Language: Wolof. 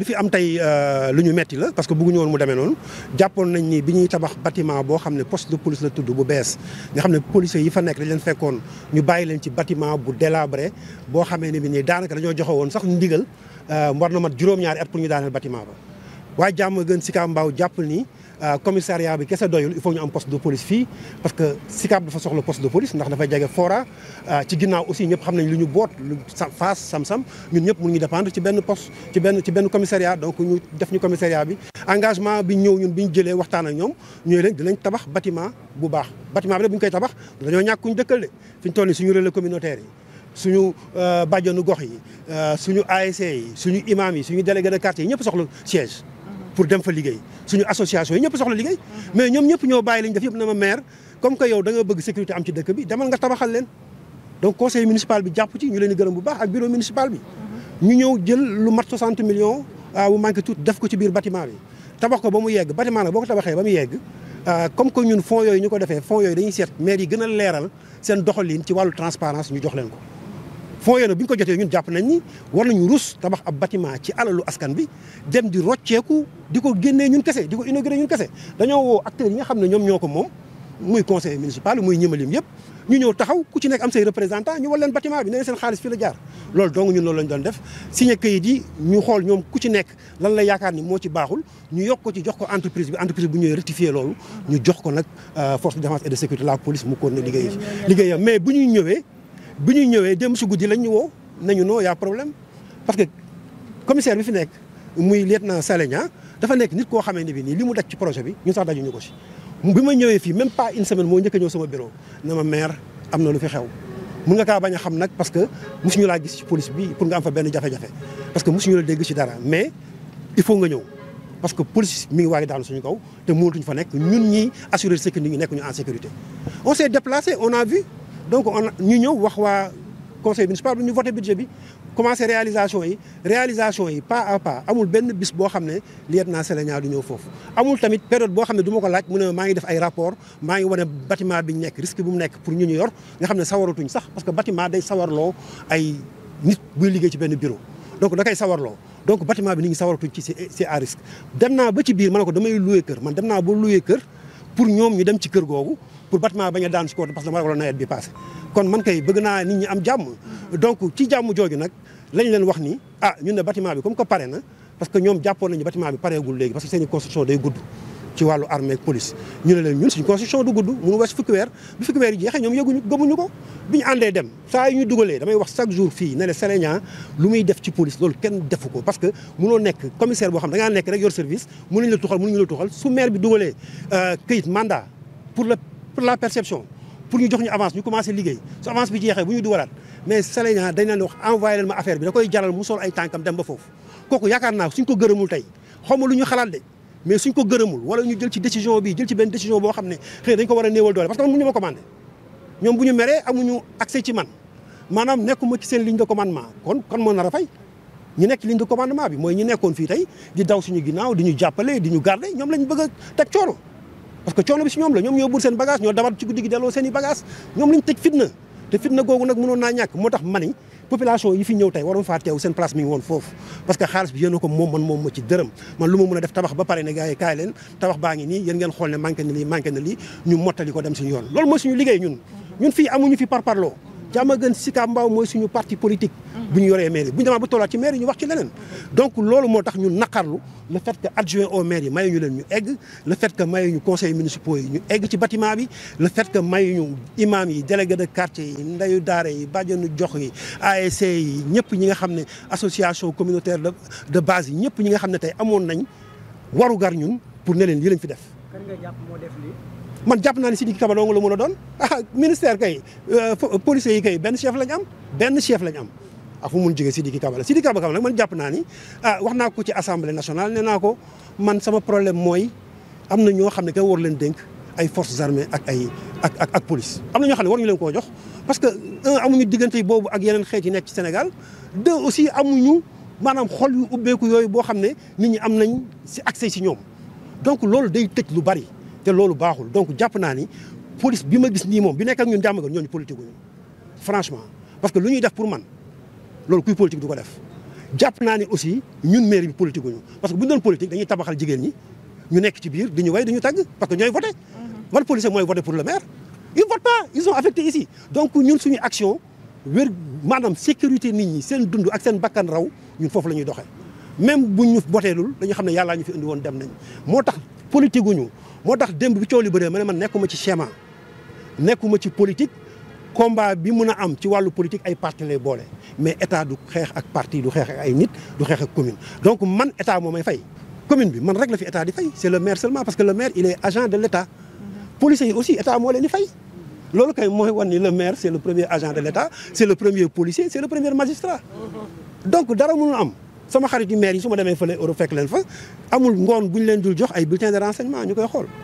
li fi am tey euh, lu ñu metti la parce que bëgguñu woon mu demee noonu jàppoon nañ ni bi ñuy tabax bâtiment boo xam ne poste de police la tudd bu bees nga xam ne policiers yi fa nekk dañ leen fekkoon ñu bàyyi leen ci bâtiment bu délabré boo xamee ne bi nii daanaka dañoo joxe woon sax ndigal euh, war na mat juróom-ñaari at pour ñu daaneel bâtiment ba waa jàmm gën Sicap Mbao jàpp ni euh, commissariat bi kese doyul il faut ñu am poste de police fii parce que Sicap dafa soxla poste de police ndax dafay jege fora euh, ci ginnaaw aussi ñëpp xam nañ lu ñu boot lu faas sam-sam ñun ñëpp mun ngi dépendre ci benn post ci benn ci benn commissariat donc ñu def ñu commissariat bi engagement bi ñëw ñun bi ñu jëlee waxtaan ak ñoom ñooy leen dinañ tabax bâtiment bu baax bâtiment bi nag bu ñu koy tabax dañoo ñàkk ñu dëkkal de fi ñu toll suñu relais communautaire yi suñu euh, bàjjonu gox yi suñu ASC e yi suñu imam yi suñu délégué de quartier yi ñëpp soxla siège pour dem fa liggéey suñu association yi ñëpp soxla liggéey mais ñoom ñëpp ñoo bàyyi li ñu def yëpp na ma maire comme que yow da bëgg sécurité am ci dëkk bi demal nga tabaxal leen donc conseil municipal bi jàpp ci ñu leen di gërëm bu baax ak bureau municipal bi ñu lu mat 60 millions bu ah, manqué tuuti def ko ci biir batiment bi tabax ko ba mu yegg bâtiment nag boo ko tabaxee ba mu yegg ah, comme que ñun fonds yooyu ñu ko defee fonds yooyu dañu seet maire yi gën a leeral seen doxalin ci wàllu transparence ñu jox leen ko fonds yooyu nag bu ñu ko jotee ñun jàpp nañ ni war nañu rus tabax ab bâtiment ci alalu askan bi dem di rocceeku di ko génnee ñun kese di ko inauguré ñun kese dañoo woo acteurs yi nga xam ne ñoom ñoo ko moom muy conseil municipal muy ñëmalim yëpp ñu ñëw taxaw ku ci nekk am say représentant ñu wal leen bâtiment bi ne seen xaalis fii la jaar loolu dong ñun loolu lañ doon def signé kayit yi ñu xool ñoom ku ci nekk lan la yaakaar ni moo ci baaxul ñu yokk ci jox ko entreprise bi entreprise bu ñëwee rectifier loolu ñu jox ko nag euh, force de la police mu koon ne liggéey liggéeyam mais bu ñuy ñëwee bu ñuy ñëwee dem si guddi lañ ñu woo nañu noo y'a problème parce que commissaire bi fi nekk muy lieutenant Salégna dafa nekk nit koo xamee ne bi nii li mu daj ci projet bi ñun sax dajuñu ko si bi ma ñëwee fii même pas une semaine moo njëkk a ñëw sama bureau na ma maire am na lu fi xew mun nga kaa bañ a xam nag parce que mosuñu laa gis ci police bi pour nga am fa benn jafe-jafe parce que mosuñu la dégg ci dara mais il faut nga ñëw parce que police mi ngi waagi daanu suñu kaw te mënatuñ fa nekk ñun ñi assurer sécurité ñu nekk ñu en sécurité on déplacé a vu donc on ñu ñëw wax waa conseil municipal bi ñu voté budget bi commencé réalisation yi réalisation yi pas a pas amul benn bis boo xam ne lieutenant Séléña du ñëw foofu amul tamit période boo xam ne du ma ko laaj mu ne maa ngi def ay rapport maa ngi wane bâtiment bi ñu nekk risque bu mu nekk pour ñu ñu yor nga xam ne sawaratuñ sax parce que bâtiment day sawarloo ay nit buy liggéey ci benn bureau donc da kay sawarloo donc bâtiment bi nit ñi sawaratuñ ci c'est à risque ba ci biir ma ne ko damay kër man dem naa ba louer kër pour ñoom ñu dem ci kër googu pour bâtiment bañ a daan si kaw parce que dama waraloon nawet bi passé kon man kay bëgg naa nit ñi am jàmm donc ci jàmm jooju nag lañ leen wax ni ah ñun ne bâtiment bi comme que pare na parce que ñoom jàppoon nañu bâtiment bi pareegul léegi parce que seen i construction day gudd ci wàllu armée ak police ñu ne leen ñun suñu construction du gudd mënu wees fukki weer bi yi jeexee ñoom yëguñu gëmuñu ko bi ñu àndee dem saa yu ñu dugalee damay wax chaque jour fii ne le Sénégal lu muy def ko parce que mënoo nekk commissaire boo xam da ngaa nekk rek yor service pour la perception pour ñu jox ñu avance ñu commencé liggéey su avance bi jeexee bu ñu duwalaat mais Sénégal dañ leen wax envoyé leen affaire bi da koy jaral mu sol ay tànkam dem ba foofu kooku yaakaar naa suñ ko gërëmul tey xaw ma lu ñu xalaat de mais ko gërëmul wala ñu jël ci décision bi jël ci benn décision boo xam ne xëy dañ ko war a néewal doole parce que mënuñu ma commandé ñoom bu ñu meree amuñu accès ci man maanaam nekkuma ci seen ligne de commandement kon kon moo nar a fay ñu nekk ci bi mooy ñu nekkoon fii tey di daw suñu ginnaaw di ñu jàppale di ñu garder ñoom lañ bëgg a teg parce que coono bi si ñoom la ñoom ñoo buur seen bagage ñoo dabat ci guddi gi delloo seen i bagage ñoom lañ tëj fitna te fitna googu nag mënoon naa ñàkk moo tax mani population yi fi ñëw tey waroon faa teew seen place mi ngi woon foofu parce que xaalis bi yéen a ko moom man moom ma ci dërëm man lu ma mën a def tabax ba pare ne gars yi kaay leen tabax baa ngi nii yéen ngeen xool ne manqué lii manqué lii ñu mottali ko dem suñu yoon loolu mooy Diamaguène Sicap Mbao mooy suñu parti politique bu ñu yoree maire yi bu ñu demaat ba tollaat ci maire yi ñu wax ci leneen donc loolu moo tax ñu naqarlu le fait que adjoint au maire yi mayuñu leen ñu egg le fait que mayuñu conseil municipaux yi ñu egg ci bâtiment bi le fait que mayuñu imam yi délégué de quartier yi ndeyu daara yi nu jox yi ASC yi ñëpp ñi nga xam ne association communautaire de base yi ñëpp ñi nga xam ne tey amoon nañ warugar ñun pour leen lii lañ fi def man jàpp naa ne Sidiki Kaba dong la mën a doon ah ministère kay euh, policiers yi kay benn chef lañ am benn chef lañ am ak ah, fu mun jógee Sidiki Kaba la Sidiki Kaba nag man jàpp naa ni ah wax naa ko ci assemblée nationale nee naa ko man sama problème mooy am na ñoo xam ne kay war leen dénk ay forces armées ak ay ak ak ak police am na ñoo xam ne waruñu leen koo jox parce que un amuñu diggante boobu ak yeneen xeet yi nekk ci Sénégal deux aussi amuñu maanaam xol yu ubbeeku yooyu boo xam ne nit ñi am nañ si accès si ñoom donc loolu day tëj lu bari. te loolu baaxul donc jàpp naa ni police bi ma gis nii moom bi nekk ak ñun jàmm ñooñu politique gu ñu franchement parce que lu ñuy def pour man loolu kuy politique du ko def jàpp naa ni aussi ñun mairie bi politique parce que bu ñu doon politique dañuy tabaxal jigéen ñi ñu nekk ci biir di ñu way di ñu tàgg parce que ñooy voté man mhm. policier mooy voté pour le maire ils votent pas ils sont affectés ici donc ñun suñu action wér maanaam sécurité nit ñi seen dund ak bakkan raw ñun foofu la ñuy doxee même buñ ñu boteelul dañu xam ne ñu fi indi woon dem nañ moo tax politique gu moo tax démb bi coow li bëree ma ne man nekkuma ci schéma nekkuma ci politique combat bi mun a am ci wàllu politique ay parti lay boole mais état du xeex ak parti du xeex ak ay nit du xeex ak commune donc man état moo may fay commune bi man rek la fi état di fay c'est le maire seulement parce que le maire il est agent de l'état policiers yi aussi état moo leen di fay loolu kay mooy wan le maire c'est le premier agent de l'état c'est le premier policier c'est le premier magistrat donc dara am sama xarit yu maire yi su ma demee fële Europe fekk leen fa amul ngoon bu leen dul jox ay bulletin de renseignement ñu koy xool